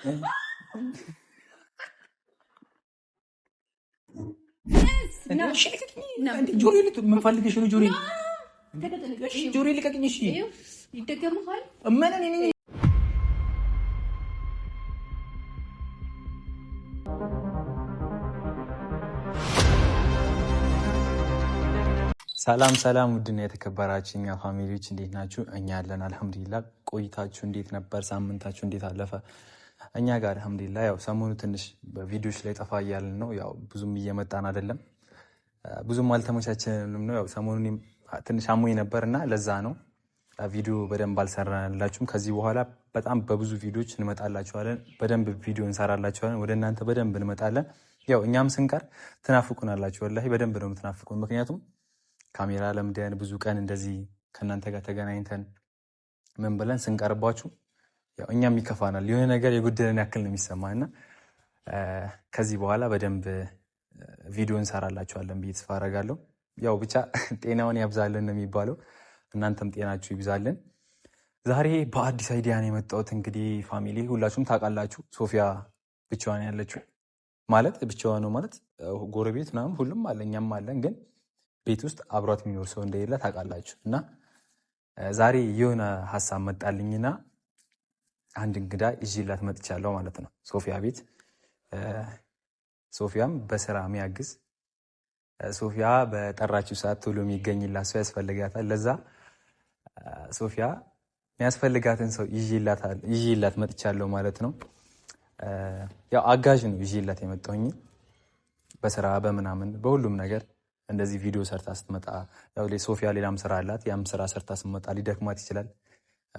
ሰላም ሰላም፣ ውድና የተከበራችሁ እኛ ፋሚሊዎች እንዴት ናችሁ? እኛ ያለን አልሐምዱሊላ። ቆይታችሁ እንዴት ነበር? ሳምንታችሁ እንዴት አለፈ? እኛ ጋር አልሐምዱሊላ ያው ሰሞኑ ትንሽ በቪዲዮች ላይ ጠፋ እያልን ነው። ያው ብዙም እየመጣን አይደለም፣ ብዙም አልተመቻችንም ነው። ያው ሰሞኑ ትንሽ አሞኝ ነበር እና ለዛ ነው ቪዲዮ በደንብ አልሰራላችሁም። ከዚህ በኋላ በጣም በብዙ ቪዲዮች እንመጣላችኋለን፣ በደንብ ቪዲዮ እንሰራላችኋለን፣ ወደ እናንተ በደንብ እንመጣለን። ያው እኛም ስንቀር ትናፍቁናላችሁ፣ ወላሂ በደንብ ነው የምትናፍቁን። ምክንያቱም ካሜራ ለምደን ብዙ ቀን እንደዚህ ከእናንተ ጋር ተገናኝተን ምን ብለን ስንቀርባችሁ እኛም ይከፋናል የሆነ ነገር የጎደለን ያክል ነው የሚሰማ እና ከዚህ በኋላ በደንብ ቪዲዮ እንሰራላችኋለን ብዬ ተስፋ አደርጋለሁ። ያው ብቻ ጤናውን ያብዛልን ነው የሚባለው። እናንተም ጤናችሁ ይብዛልን። ዛሬ በአዲስ አይዲያ ነው የመጣሁት። እንግዲህ ፋሚሊ ሁላችሁም ታውቃላችሁ፣ ሶፊያ ብቻዋን ያለችው ማለት ብቻዋ ነው ማለት ጎረቤት ምናምን ሁሉም አለ እኛም አለን፣ ግን ቤት ውስጥ አብሯት የሚኖር ሰው እንደሌለ ታውቃላችሁ። እና ዛሬ የሆነ ሀሳብ መጣልኝና አንድ እንግዳ ይዤላት መጥቻለሁ ማለት ነው ሶፊያ ቤት። ሶፊያም በስራ የሚያግዝ ሶፊያ በጠራችው ሰዓት ቶሎ የሚገኝላት ሰው ያስፈልጋታል። ለዛ ሶፊያ የሚያስፈልጋትን ሰው ይዤላት መጥቻለሁ ማለት ነው። ያው አጋዥ ነው ይዤላት የመጣሁኝ በስራ በምናምን በሁሉም ነገር እንደዚህ ቪዲዮ ሰርታ ስትመጣ ሶፊያ ሌላም ስራ አላት። ያም ስራ ሰርታ ስትመጣ ሊደክማት ይችላል።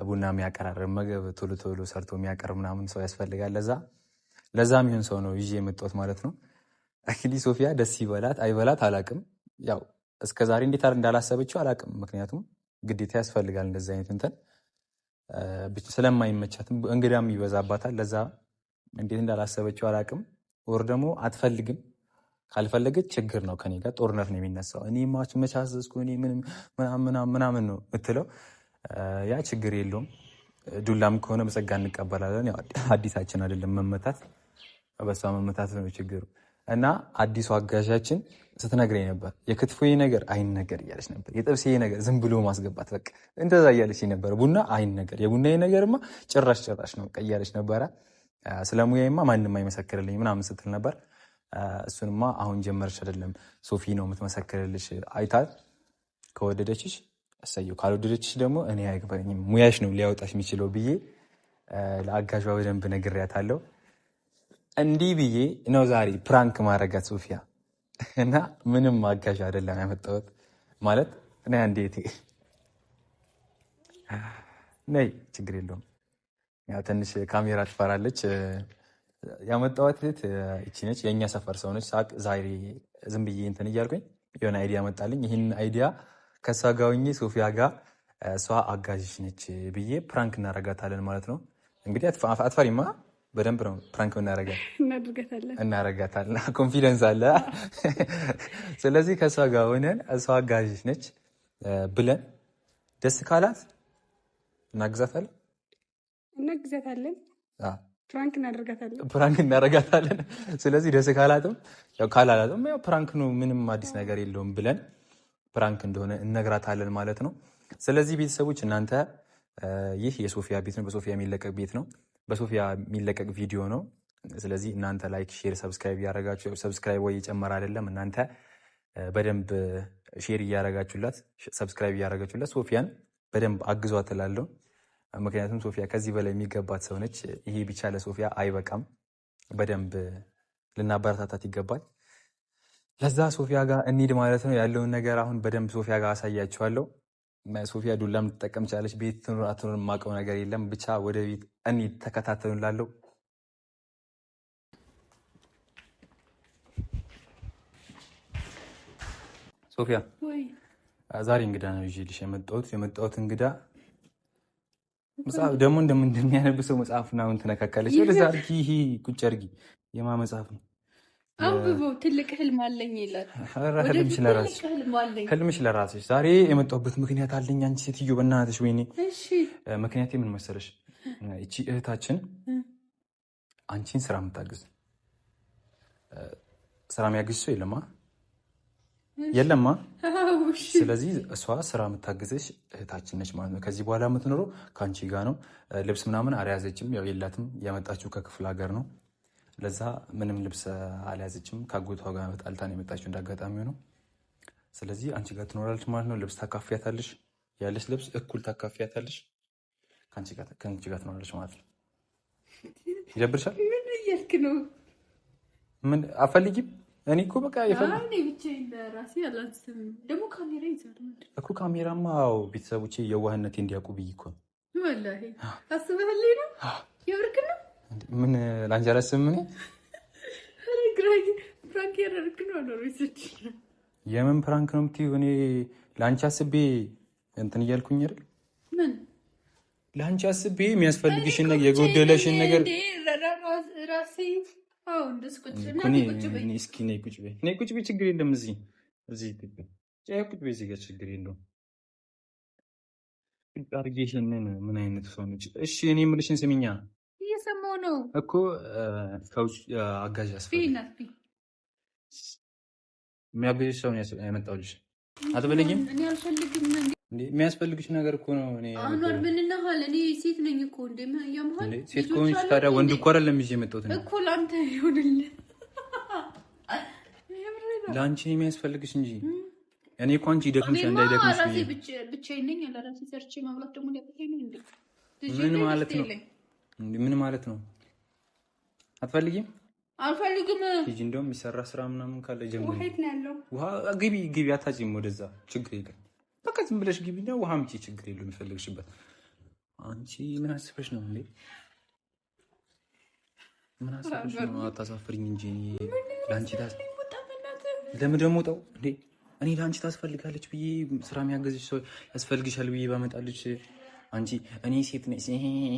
ቡና የሚያቀራርብ ምግብ ቶሎ ቶሎ ሰርቶ የሚያቀርብ ምናምን ሰው ያስፈልጋል። ለዛ ለዛ የሚሆን ሰው ነው ይዤ የመጣሁት ማለት ነው። አክሊ ሶፊያ ደስ ይበላት አይበላት አላቅም። ያው እስከ ዛሬ እንዴት እንዳላሰበችው አላቅም። ምክንያቱም ግዴታ ያስፈልጋል እንደዚህ አይነት እንትን ስለማይመቻትም እንግዳም ይበዛባታል። ለዛ እንዴት እንዳላሰበችው አላቅም። ወር ደግሞ አትፈልግም። ካልፈለገች ችግር ነው፣ ከኔ ጋር ጦርነት ነው የሚነሳው። እኔ ማች መቻዘዝኩ እኔ ምናምን ነው የምትለው ያ ችግር የለውም። ዱላም ከሆነ በጸጋ እንቀበላለን። አዲሳችን አይደለም መመታት፣ በሷ መመታት ነው ችግሩ። እና አዲሱ አጋዣችን ስትነግረኝ ነበር የክትፎዬ ነገር አይን ነገር እያለች ነበር። የጥብሴ ነገር ዝም ብሎ ማስገባት በቃ እንደዛ እያለች ነበር። ቡና አይን ነገር የቡና ነገርማ ጭራሽ ጭራሽ ነው እያለች ነበረ። ስለ ሙያዬማ ማንም አይመሰክርልኝ ምናምን ስትል ነበር። እሱንማ አሁን ጀመረች አይደለም ሶፊ ነው የምትመሰክርልሽ። አይታል ከወደደችሽ አሳየው። ካልወደደችሽ ደግሞ እኔ አይግባኝም ሙያሽ ነው ሊያወጣሽ የሚችለው ብዬ ለአጋዧ በደንብ ነግሬያታለሁ። እንዲህ ብዬ ነው ዛሬ ፕራንክ ማድረጋት ሶፊያ እና ምንም አጋዥ አይደለም ያመጣሁት። ማለት እኔ እንዴት ነይ፣ ችግር የለውም ያው ትንሽ ካሜራ ትፈራለች። ያመጣሁት እቺ ነች፣ የእኛ ሰፈር ሰው ነች። ሳቅ ዛሬ ዝም ብዬ እንትን እያልኩኝ የሆነ አይዲያ መጣልኝ። ይህን አይዲያ ከእሷ ጋር ሆኜ ሶፊያ ጋር እሷ አጋዥሽ ነች ብዬ ፕራንክ እናረጋታለን ማለት ነው። እንግዲህ አትፈሪማ? በደንብ ነው ፕራንክ እናረጋታለን እናረጋታለን። ኮንፊደንስ አለ። ስለዚህ ከእሷ ጋር ሆነን እሷ አጋዥሽ ነች ብለን ደስ ካላት እናግዛታለን እናግዛታለን ፕራንክ እናደርጋታለን ፕራንክ እናደርጋታለን። ስለዚህ ደስ ካላትም ያው ካላላትም ያው ፕራንክ ነው፣ ምንም አዲስ ነገር የለውም ብለን ፕራንክ እንደሆነ እነግራታለን ማለት ነው። ስለዚህ ቤተሰቦች እናንተ ይህ የሶፊያ ቤት ነው። በሶፊያ የሚለቀቅ ቤት ነው። በሶፊያ የሚለቀቅ ቪዲዮ ነው። ስለዚህ እናንተ ላይክ፣ ሼር፣ ሰብስክራይብ እያደረጋችሁ ሰብስክራይብ ወይ ጨመር አይደለም እናንተ በደንብ ሼር እያረጋችሁላት ሰብስክራይብ እያረጋችሁላት ሶፊያን በደንብ አግዟት እላለሁ። ምክንያቱም ሶፊያ ከዚህ በላይ የሚገባት ሰው ነች። ይሄ ብቻ ለሶፊያ አይበቃም። በደንብ ልናበረታታት ይገባል። ለዛ ሶፊያ ጋር እንሂድ ማለት ነው ያለውን ነገር አሁን በደንብ ሶፊያ ጋር አሳያችኋለሁ። ሶፊያ ዱላም ልትጠቀም ቻለች። ቤት ትኑር አትኑር የማውቀው ነገር የለም። ብቻ ወደ ቤት እንሂድ፣ ተከታተሉን ሶፊያ ዛሬ እንግዳ ነው ይዤልሽ የመጣሁት። የመጣሁት እንግዳ ደግሞ እንደሚያነብ ሰው መጽሐፍ ምናምን ትነካካለች። ወደዛ አድርጊ፣ ይሄ ቁጭ አድርጊ። የማ መጽሐፍ ነው አንብቦ ትልቅ ህልም አለኝ ይላል። ህልምሽ ለራስሽ ዛሬ የመጣሁበት ምክንያት አለኝ። አንቺ ሴትዮ በእናትሽ ወይኔ። ምክንያት ምን መሰለሽ? እቺ እህታችን አንቺን ስራ የምታግዝ ስራ የሚያግዝ ሰው የለማ የለማ። ስለዚህ እሷ ስራ የምታግዘች እህታችን ነች ማለት ነው። ከዚህ በኋላ የምትኖረው ከአንቺ ጋር ነው። ልብስ ምናምን አልያዘችም፣ ያው የላትም። ያመጣችው ከክፍለ ሀገር ነው። ለዛ ምንም ልብስ አልያዘችም። ከአጎቷ ጋር ጣልታ የመጣችው እንዳጋጣሚ ነው። ስለዚህ አንቺ ጋር ትኖራለች ማለት ነው። ልብስ ታካፍያታለሽ፣ ያለች ልብስ እኩል ታካፍያታለሽ። ከአንቺ ጋር ትኖራለች ማለት ነው። ይደብርሻል። ምን አፈልጊም። እኔ እኮ በቃ እኮ ካሜራማ ቤተሰቦቼ የዋህነቴ እንዲያውቁ ብዬ እኮ ነው። ምን ላንጀረስም ምን የምን ፕራንክ ነው የምትይው? እኔ ለአንቺ አስቤ እንትን እያልኩኝ አይደል? ምን ለአንቺ አስቤ የሚያስፈልግሽን ነገር የጎደለሽን ነገር እስኪ ነይ ቁጭ በይ፣ ነይ ቁጭ በይ። ችግር የለም እዚህ እዚህ ቁጭ በይ። እዚህ ጋር ችግር የለውም። ምን አይነት ሰው ነች? እሺ እኔ የምልሽን ስሚኛ እየሰማሁ ነው እኮ ከውጭ አጋዥ ያስፈልግ የሚያገዥ ሰው ያመጣሁልሽ። አትበለኝም። እኔ አልፈልግም። የሚያስፈልግሽ ነገር እኮ ነው። እኔ አንዋር ምንናሃል? እኔ ሴት ነኝ እኮ እንደ ያምሃል። ሴት ከሆንሽ ታዲያ ወንድ እኮ አይደለም ይዤ የመጣሁት እኮ ለአንተ ይሁንል ለአንቺ የሚያስፈልግሽ እንጂ እኔ እኮ አንቺ ይደክምሽ እንዳይደክምሽ ብቻዬን ነኝ። ለራሴ ሰርቼ ማብላት ደግሞ ምን ማለት ነው? ምን ማለት ነው? አትፈልጊም? አልፈልግም። ልጅ እንደውም የሚሰራ ስራ ምናምን ካለ ጀምሪ። ውሃ ግቢ ግቢ፣ አታጭም። ወደዛ ችግር የለም። በቃ ዝም ብለሽ ግቢ እና ውሃ አምጪ። ችግር የለም የፈለግሽበት። አንቺ ምን አስበሽ ነው እንዴ? ምን አስበሽ ነው? አታሳፍሪኝ እንጂ ለአንቺ ታስ ለምን ደግሞ ጠው እንዴ? እኔ ለአንቺ ታስፈልጋለች ብዬ ስራ የሚያገዝሽ ሰው ያስፈልግሻል ብዬ ባመጣልሽ አንቺ እኔ ሴት ነኝ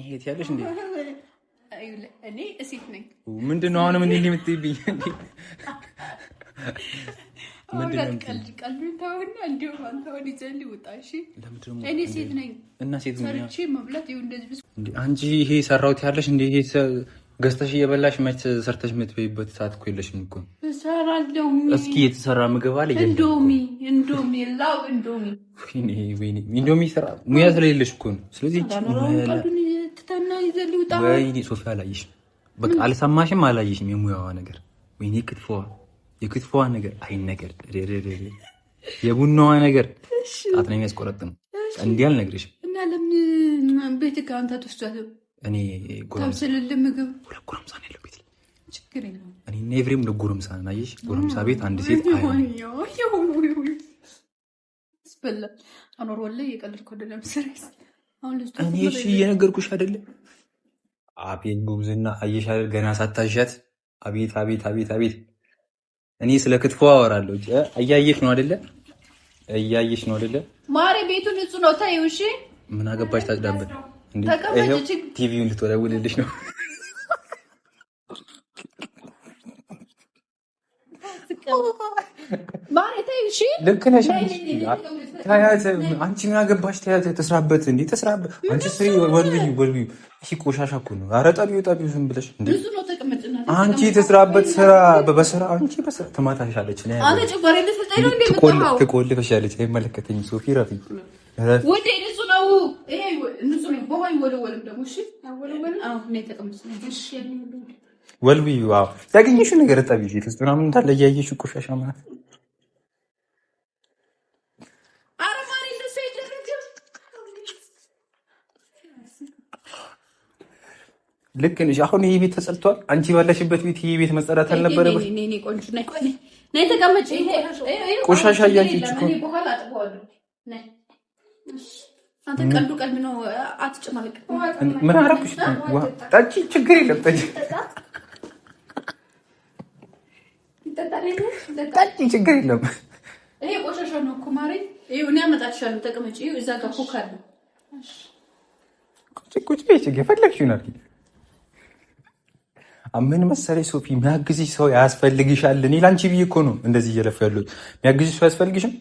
ሴት ያለሽ እንዴ? እኔ ሴት ነኝ። ምንድን ነው አሁንም እንዴ የምትይብኝ? አንቺ ይሄ ሰራሁት ያለሽ እንዴ? ገዝተሽ እየበላሽ መች ሰርተሽ የምትበይበት ሰዓት እኮ የለሽም እኮ። እስኪ የተሰራ ምግብ አለ እንዶሚ ስራ ሙያ ስለሌለሽ እኮ ነው። ስለዚህ ወይኔ ሶፊ አላየሽም፣ በቃ አልሰማሽም፣ አላየሽም። የሙያዋ ነገር ወይኔ የክትፎዋ የክትፎዋ ነገር አይን ነገር የቡናዋ ነገር ጣት ነው የሚያስቆረጥም። እንዲህ አልነግርሽም። እና ለምን ቤት ከአንተ ትወስዷት እኔ ጎረምሳልልህ ምግብ ሁለት ጎረምሳ ነው ያለበት። እኔ ኤቭሬም ለጎረምሳ ነው አየሽ፣ ጎረምሳ ቤት አንድ ሴት እኔ እሺ እየነገርኩሽ አቤት ጉብዝና አየሽ አይደል? ገና ሳታሻት አቤት አቤት አቤት አቤት። እኔ ስለ ክትፎ አወራለሁ። እያየሽ ነው አይደለ? እያየሽ ነው አይደለ? ማሪ ቤቱ ንጹህ ነው። ተይው እሺ። ምን አገባሽ ታጭዳበት ቲቪውን ልትወለውልልሽ ነው። ልክ ነሽ። አንቺ ምን አገባሽ? ተያት ተስራበት እንዴ ተስራበት። አንቺ ስሪ ወልብዩ ወልብዩ። ይሄ ቆሻሻ እኮ ነው። ኧረ ጠቢው ጠቢው ዝም ብለሽ አንቺ ተስራበት። ስራ በስራ አንቺ በስራ ትማታሻለች፣ ትቆልፈሻለች። አይመለከተኝም። ሶፊ ረፊ ተው ይሄ ነው። ነው ወልዊ ዋው ያገኘሽው ነገር ጠብ ይዤ ልስጥ ምናምን እንዳለ እያየሽው ቆሻሻ ማለት ልክ ነሽ። አሁን ይሄ ቤት ተጸድቷል። አንቺ ባለሽበት ቤት ይሄ ቤት መጸዳት አልነበረበት። ቆሻሻ እያየች ምን አደረኩሽ? ጠጪ፣ ችግር የለም ጠጪ፣ ችግር የለም። ይሄ ቆሻሻ ነው እኮ እኔ አመጣልሻለሁ፣ ተቀመጪ። እዛ ጋር ኮካ አለ። ቁጭ ቤት ሶፊ፣ የሚያግዝሽ ሰው ያስፈልግሻል። እኔ ላንቺ ብዬ እኮ ነው እንደዚህ እየለፈ ያሉት። የሚያግዝሽ ሰው ያስፈልግሽም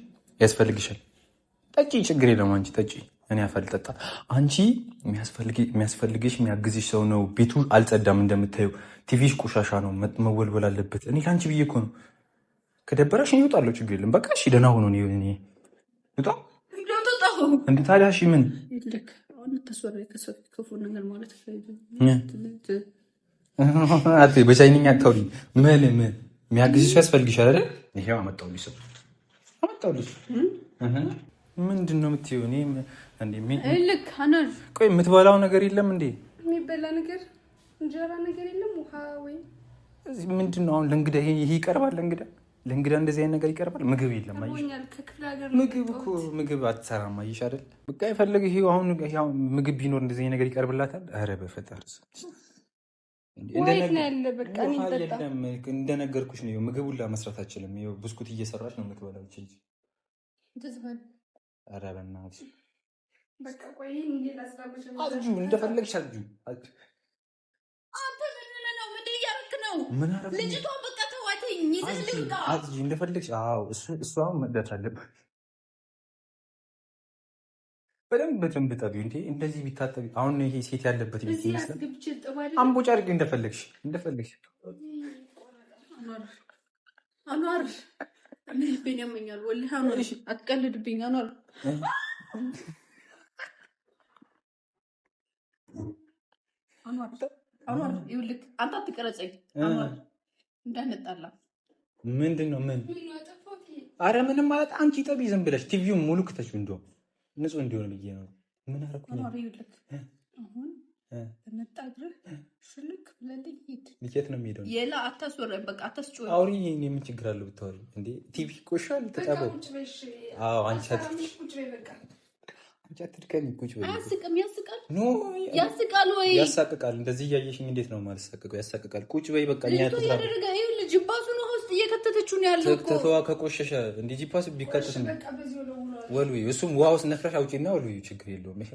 ያስፈልግሻል። ጠጪ፣ ችግር የለም። አንቺ ጠጪ እኔ አፈልጠጣ አንቺ የሚያስፈልግሽ የሚያግዝሽ ሰው ነው። ቤቱ አልጸዳም፣ እንደምታየው ቲቪሽ ቆሻሻ ነው፣ መወልወል አለበት። እኔ ለአንቺ ብዬ እኮ ነው። ከደበረሽ እኔ እወጣለሁ፣ ችግር የለም። በቃ እሺ፣ ደህና ሆኖ እንደ ታዲያ እሺ፣ ምን በቻይንኛ አታውሪ። ምን ምን የሚያግዝሽ ያስፈልግሻል አይደል? ይሄው አመጣሁልሽ ሰው አመጣሁልሽ ምንድን ነው የምትይው? እኔ ቆይ፣ የምትበላው ነገር የለም እንዴ? የሚበላ ነገር እንጀራ ነገር የለም ውሃ ወይ ምንድን ነው አሁን? ለእንግዳ ይሄ ይቀርባል? ለእንግዳ ለእንግዳ እንደዚህ አይነት ነገር ይቀርባል? ምግብ የለም። ምግብ እኮ ምግብ አትሰራም። አየሽ አይደል? በቃ የፈለገ ይሄ አሁን ምግብ ቢኖር እንደዚህ ነገር ይቀርብላታል? ኧረ በፈጠር እንደነገርኩሽ ነው። ምግቡን ላመስራት አችልም። ብስኩት እየሰራች ነው የምትበላው ኧረ በእናትሽ እንደፈለግሽ አርጂው። አንተ ምን ብለህ ነው? ምንድን እያደረክ ነው? በቃ እንደፈለግሽ አለበት። በደንብ በደንብ ጠቢው እንዴ! እንደዚህ ቢታጠቢ አሁን ይሄ ሴት ያለበት ቤት ይመስላል። አምቦጫ እንደፈለግሽ፣ እንደፈለግሽ አኗር ልቤን ያመኛል። ወላሂ አኗር፣ አትቀልድብኝ አኗር። አኗር ይኸውልህ፣ አንተ አትቀረጸኝ አኗር፣ እንዳንጣላ። ምንድን ነው ምን? አረ ምንም ማለት አንቺ ጠቢ ዝም ብለሽ ቲቪውን ሙሉ ክተሽ እንደው ንጹህ እንዲሆን ብዬ ነው። ምን አደረኩኝ? በመጣግርህ ሽልክ ብለልኝ ሂድ። የት ነው የሚሄደው? የላ አታስወረን፣ በቃ አታስጮህ። አውሪ። ይሄን ምን ችግር አለው ብታወሪ? እንዴ ቲቪ ቆሻል ተጠበው። አዎ አንቺ አትድከሚ፣ ቁጭ በይ። አያስቅም? ያስቃል? ኖ ያስቃል ወይ ያሳቅቃል? እንደዚህ እያየሽኝ እንዴት ነው ማለት ሳቅቀው? ያሳቅቃል። ቁጭ በይ በቃ። እኛ ያደረገ ይሄ ልጅ ባሱን ውስጥ እየከተተችው ነው ያለው እኮ ተተዋ። ከቆሸሸ እንዴ ጂፓስ ቢከተት ነው ወልዊ። እሱም ውሃ ውስጥ ነፍረሽ አውጪና ወልዊ። ችግር የለውም። እሺ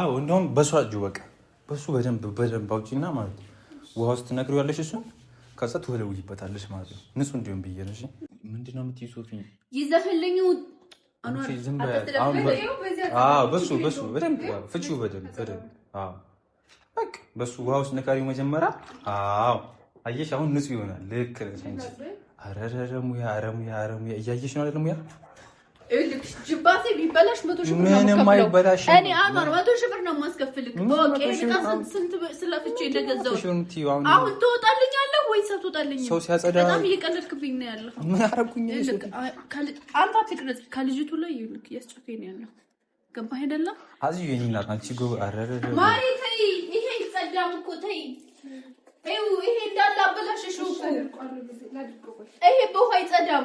አዎ እንደውም በሱ አጁ በቃ በሱ በደንብ በደንብ አውጪና ማለት ነው ውሃ ውስጥ ትነግሪዋለሽ እሱን ከዛ ትወለውይበታለሽ ማለት ነው ንጹህ እንዲሆን ብዬ ነው ምንድን ነው የምትይው ሶፊ በሱ በሱ በደንብ ፍቺው በደንብ በደንብ በቃ በሱ ውሃ ውስጥ ነካሪው መጀመሪያ አዎ አየሽ አሁን ንጹህ ይሆናል ልክ ኧረ ኧረ ሙያ ኧረ ሙያ እያየሽ ነው አይደል ሙያ ይኸውልህ ጅባሴ እኔ አማር መቶ ሺህ ብር ነው የማስከፍልህ። አሁን ትወጣልኛለህ ወይስ አትወጣልኝም? በጣም እየቀለድክብኝ ነው ምን አደረኩኝ? አንተ አትቅረጽ። ከልጅቱ ላይ ይኸውልህ ነው ገባህ አይደለም? ማሪ ተይ፣ ይሄ ይጸዳም እኮ ተይ። ይሄ እንዳለ ይሄ በውሃ አይጸዳም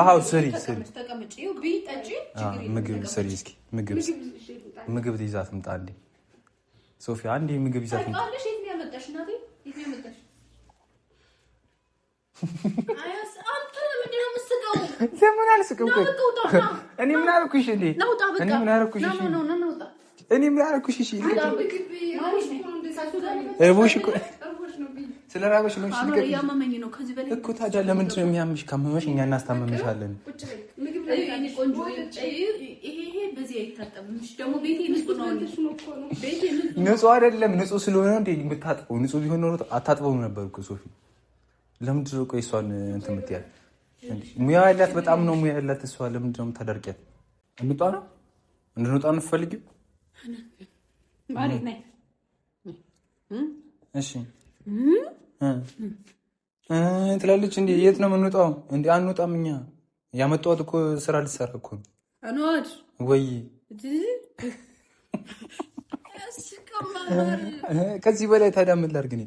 አዎ ስሪ ስሪ ምግብ ስሪ እስኪ ምግብ ምግብ ይዛ ትምጣልኝ ሶፊ አንዴ ምግብ ይዛ ትምጣልሽ የት ነው ያመጣሽ እናቴ የት ነው ያመጣሽ ለምን አልስቅም እኔ ምን አልኩሽ እንዴ እኔ ምን አልኩሽ እኔ ምን አልኩሽ እሺ ስለ ራበሽ ነው። ታዲያ ለምንድን ነው የሚያምሽ? ካመመሽ እኛ እናስታመምሻለን። ንጹህ አይደለም። ንጹህ ስለሆነ እንደ የምታጥበው ንጹህ ቢሆን ኖሮ አታጥበውም ነበር እኮ ሶፊ። ለምንድን ነው ቆይ እሷን እንትን የምትያል? ሙያ ያላት በጣም ነው ሙያ ያላት እሷ። ለምንድን ነው የምታደርቂያት? እንውጣ ነው እንድንውጣ ነው የምትፈልጊው? እሺ ትላለች። እንዴ የት ነው የምንወጣው? እንዴ አንወጣም። እኛ ያመጣሁት እኮ ስራ ልሰራ እኮ ነው። ወይ ከዚህ በላይ ታዲያ ምን ላድርግ? እኔ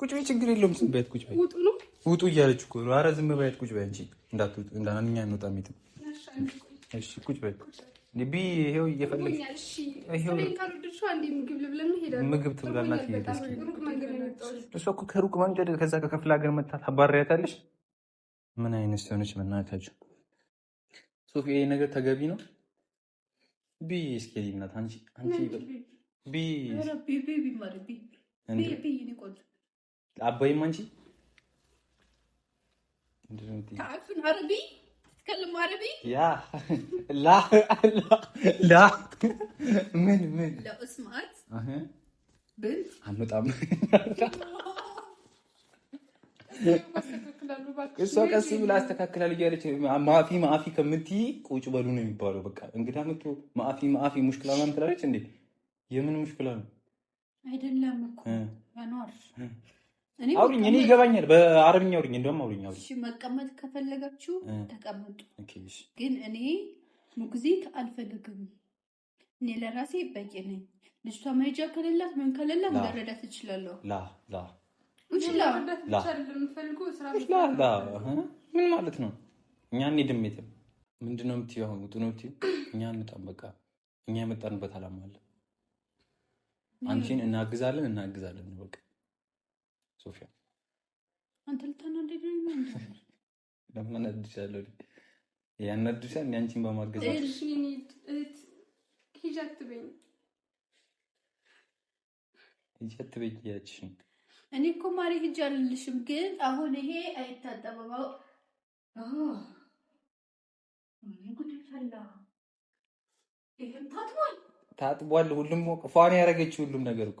ቁጭ በይ፣ ችግር የለውም። ዝም በያት፣ ቁጭ በይ። ውጡ እያለች እኮ ነው። ኧረ ዝም በያት፣ ቁጭ በይ። አንቺ እንዳትወጡ እንዳንኛ አንወጣም የትም። እሺ ቁጭ በይ። ልቢ ይሄው እየፈለግ ምግብ ትብላላት። እሷ እኮ ከሩቅ መንገድ ከዛ ከክፍለ ሀገር መታ ታባሪያታለች። ምን አይነት ሲሆነች መናታቸው ሶፊ፣ ይሄ ነገር ተገቢ ነው? ቢ እስኪ እናት አንቺ አንቺ ቢ አባይም አንቺ تتكلم عربي؟ يا لا لا من من لو اسمعت እሷ ቀስ ብላ አስተካክላል እያለች ማፊ ማፊ ከምትይ ቁጭ በሉ ነው የሚባለው። በቃ እንግዳ መቶ ማፊ ማፊ ሙሽክላ ምናምን ትላለች እንዴ? የምን ሙሽክላ ነው? አይደለም እኮ አውሪኝ፣ እኔ ይገባኛል። በአረብኛ አውሪኝ፣ እንደውም አውሪኝ። እሺ መቀመጥ ከፈለጋችሁ ተቀመጡ፣ ግን እኔ ሙግዚት አልፈልግም። እኔ ለራሴ በቂ ነኝ። ልጅቷ መሄጃ ከሌላት ምን ከሌላት መረዳት እችላለሁ። ምን ማለት ነው? እኛ እንሄድም የትም ምንድን ነው የምትይው? አሁን ውጡ ነው የምትይው? እኛ እንጣም በቃ እኛ የመጣንበት አላማ አለ። አንቺን እናግዛለን እናግዛለን በቃ ሶፊያ አንተ ልታናደድ ለምን አናድሻለሁ? እኔ አንቺን ሂጂ ሂጂ እኔ እኮ ማሪ ሂጂ አልልሽም፣ ግን አሁን ይሄ አይታጠበባው ታጥቧል። ሁሉም ፏን ያደረገች ሁሉም ነገር እኮ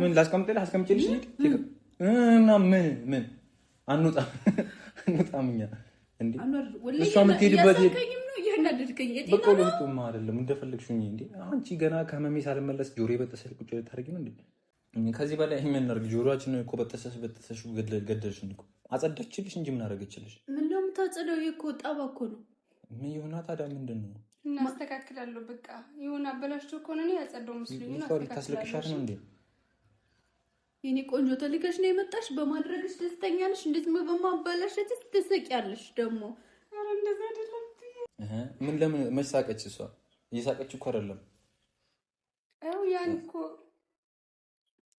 ምን ላስቀምጥልህ? አስቀምጭልሽ እና ምን ምን አንውጣ አንውጣም እኛ እንዴ እሷ የምትሄድበት በቆሎጡማ አይደለም እንደፈለግሽ እንዴ አንቺ ገና ከህመሜ ሳልመለስ ጆሮ በጠሰል ቁጭ ልታደርጊ ነው እንዴ? ከዚህ በላይ ይህ የምናደርግ ጆሮችን እኮ በጠሰስ በጠሰሽ ገደልሽን እኮ አጸዳችልሽ እንጂ ምን አደረገችልሽ? ምነው የምታጸዳው እኮ ጣባ እኮ ነው። ምን ይሆና ታዲያ ምንድን ነው? እናስተካክላለሁ በቃ ይሁን። አበላሽቶ ከሆነ ያጸዳው መስሎኝ ታስለቅሻት ነው እንዴ? የኔ ቆንጆ ተልከሽ ነው የመጣሽ። በማድረግሽ ደስተኛ ነሽ፣ እንዴት ነው በማባላሸትሽ ትስቂያለሽ ደግሞ። ምን ለምን መሳቀች? እሷ እየሳቀች እኮ አይደለም። አው ያን እኮ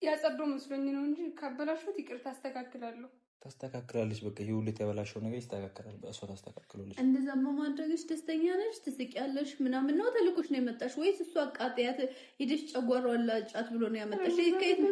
ያጸዶ መስሎኝ ነው እንጂ ካበላሽሁት ይቅርታ አስተካክላለሁ። ታስተካክላለች። በቃ ይሄ ሁሉ የተበላሸው ነገር ይስተካከላል። በእሷ ታስተካክላለች። እንደዛ በማድረግሽ ደስተኛ ነሽ፣ ትስቂያለሽ ምናምን ነው ተልኮሽ ነው የመጣሽ ወይስ እሷ አቃጥያት ሄደሽ ጨጓራዋን ላጫት ብሎ ነው ያመጣሽ? ከየት ነው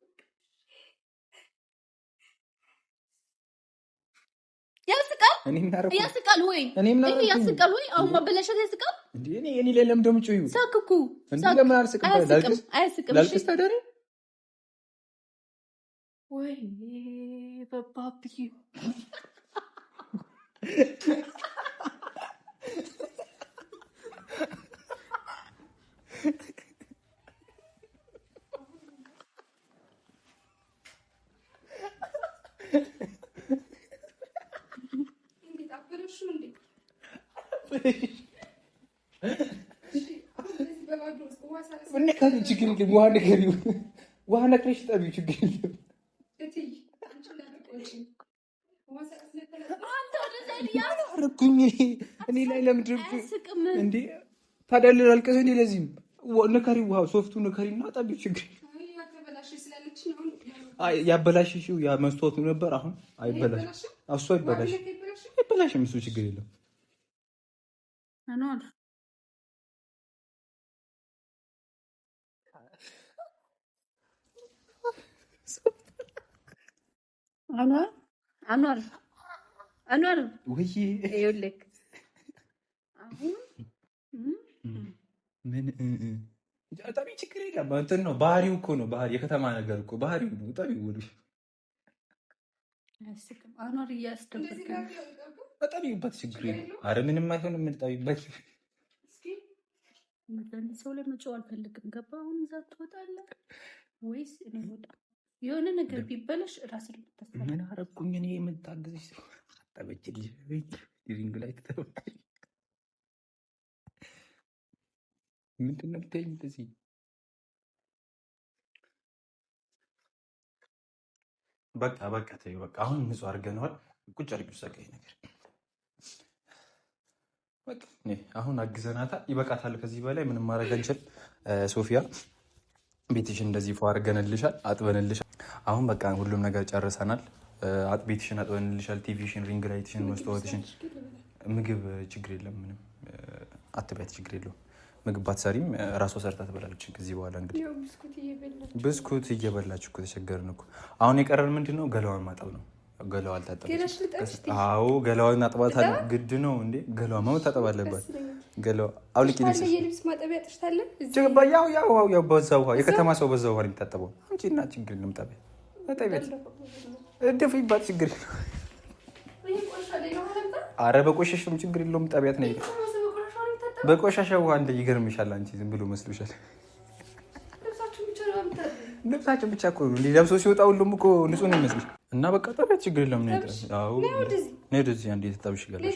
ያስቃል ያስቃል ወይ ያስቃል ወይ? አሁን ማበላሸት ያስቃል። እኔ ላይ ለምን ደምጮ ይሁ ሳቅ እኮ ለምን አልስቅም? አያስቅም። ላልቅስ ታዲያ ወይ በባቢ ከዚ ችግር የለም። ውሃ ነገር ውሃ ነቅለሽ ጠቢው ችግር የለም። እኔ ላይ ለምድር እንዴ ታዲያ ልላልቀስ እንዴ? ለዚህም ነከሪ ውሃ ሶፍቱ ነከሪ እና ጠቢ፣ ችግር ያበላሽሽው ያ ነበር። አሁን አይበላሽ እሱ አይበላሽ አይበላሽም እሱ ችግር የለም። አኗር አኗር አኗር ወይ ይኸውልህ ምን ጠቢ ችግር የለም። እንትን ነው ባህሪው እኮ ነው ባህሪ የከተማ ነገር እኮ ባህሪው ነው። ጠቢ አኗር ጠቢበት ችግር የለም። አረ ምንም ሰው ላይ መጫወት አልፈልግም። ገባ አሁን እዛ ትወጣለህ ወይስ እኔ ወጣ የሆነ ነገር ቢበለሽ ራስ ምን አረኩኝ እኔ? የምታግዝሽ ሰው አጠበች ሪንግ ላይ ትተባል። ምንድን ነው ብታይ እንደዚህ በቃ በቃ ተይው በቃ። አሁን ንጹህ አድርገነዋል። ቁጭ አድርጊው ሰቀይ ነገር አሁን አግዘናታል ይበቃታል። ከዚህ በላይ ምንም ማድረግ አንችል። ሶፊያ ቤትሽ እንደዚህ ፎ አድርገንልሻል፣ አጥበንልሻል። አሁን በቃ ሁሉም ነገር ጨርሰናል። አጥቤትሽን አጥበንልሻል። ቲቪሽን፣ ሪንግ ላይትሽን፣ መስተዋትሽን፣ ምግብ ችግር የለም ምንም አትቢያት ችግር የለውም። ምግብ ባትሰሪም ራሷ ሰርታ ትበላለች። ከዚህ በኋላ እንግዲህ ብስኩት እየበላች እኮ ተቸገርን እኮ። አሁን የቀረን ምንድን ነው? ገላዋን ማጠብ ነው። ገላዋ አልታጠበችም። አዎ ገላዋን አጥባታል። ግድ ነው እንዴ? ገላዋ ማመት ታጠብ አለባት። ገለው አውልቂ ልብስ የልብስ ማጠቢያ ጥርታለን ያው ያው ያው ያው በዛ ውሃ የከተማ ሰው በዛ ውሃ የሚታጠበው አንቺ እና ችግር ነው። መጣበ መጣበ እድፍ ችግር አረ በቆሻሻም ችግር የለውም። ጠቢያት ነው በቆሻሻ ውሃ እንደ ይገርምሻል። አንቺ ዝም ብሎ መስሎሻል። ልብሳቸው ብቻ እኮ ለብሶ ሲወጣ ሁሉም እኮ ንጹህ ነው ይመስል እና በቃ ጠቢያት ችግር የለም ነው ነው ወደዚህ አንዴ ገለሽ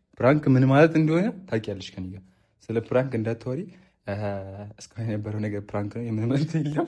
ፕራንክ ምን ማለት እንደሆነ ታውቂያለሽ። ከእኔ ጋር ስለ ፕራንክ እንዳታወሪ። እስካሁን የነበረው ነገር ፕራንክ ነው። የምንመልት የለም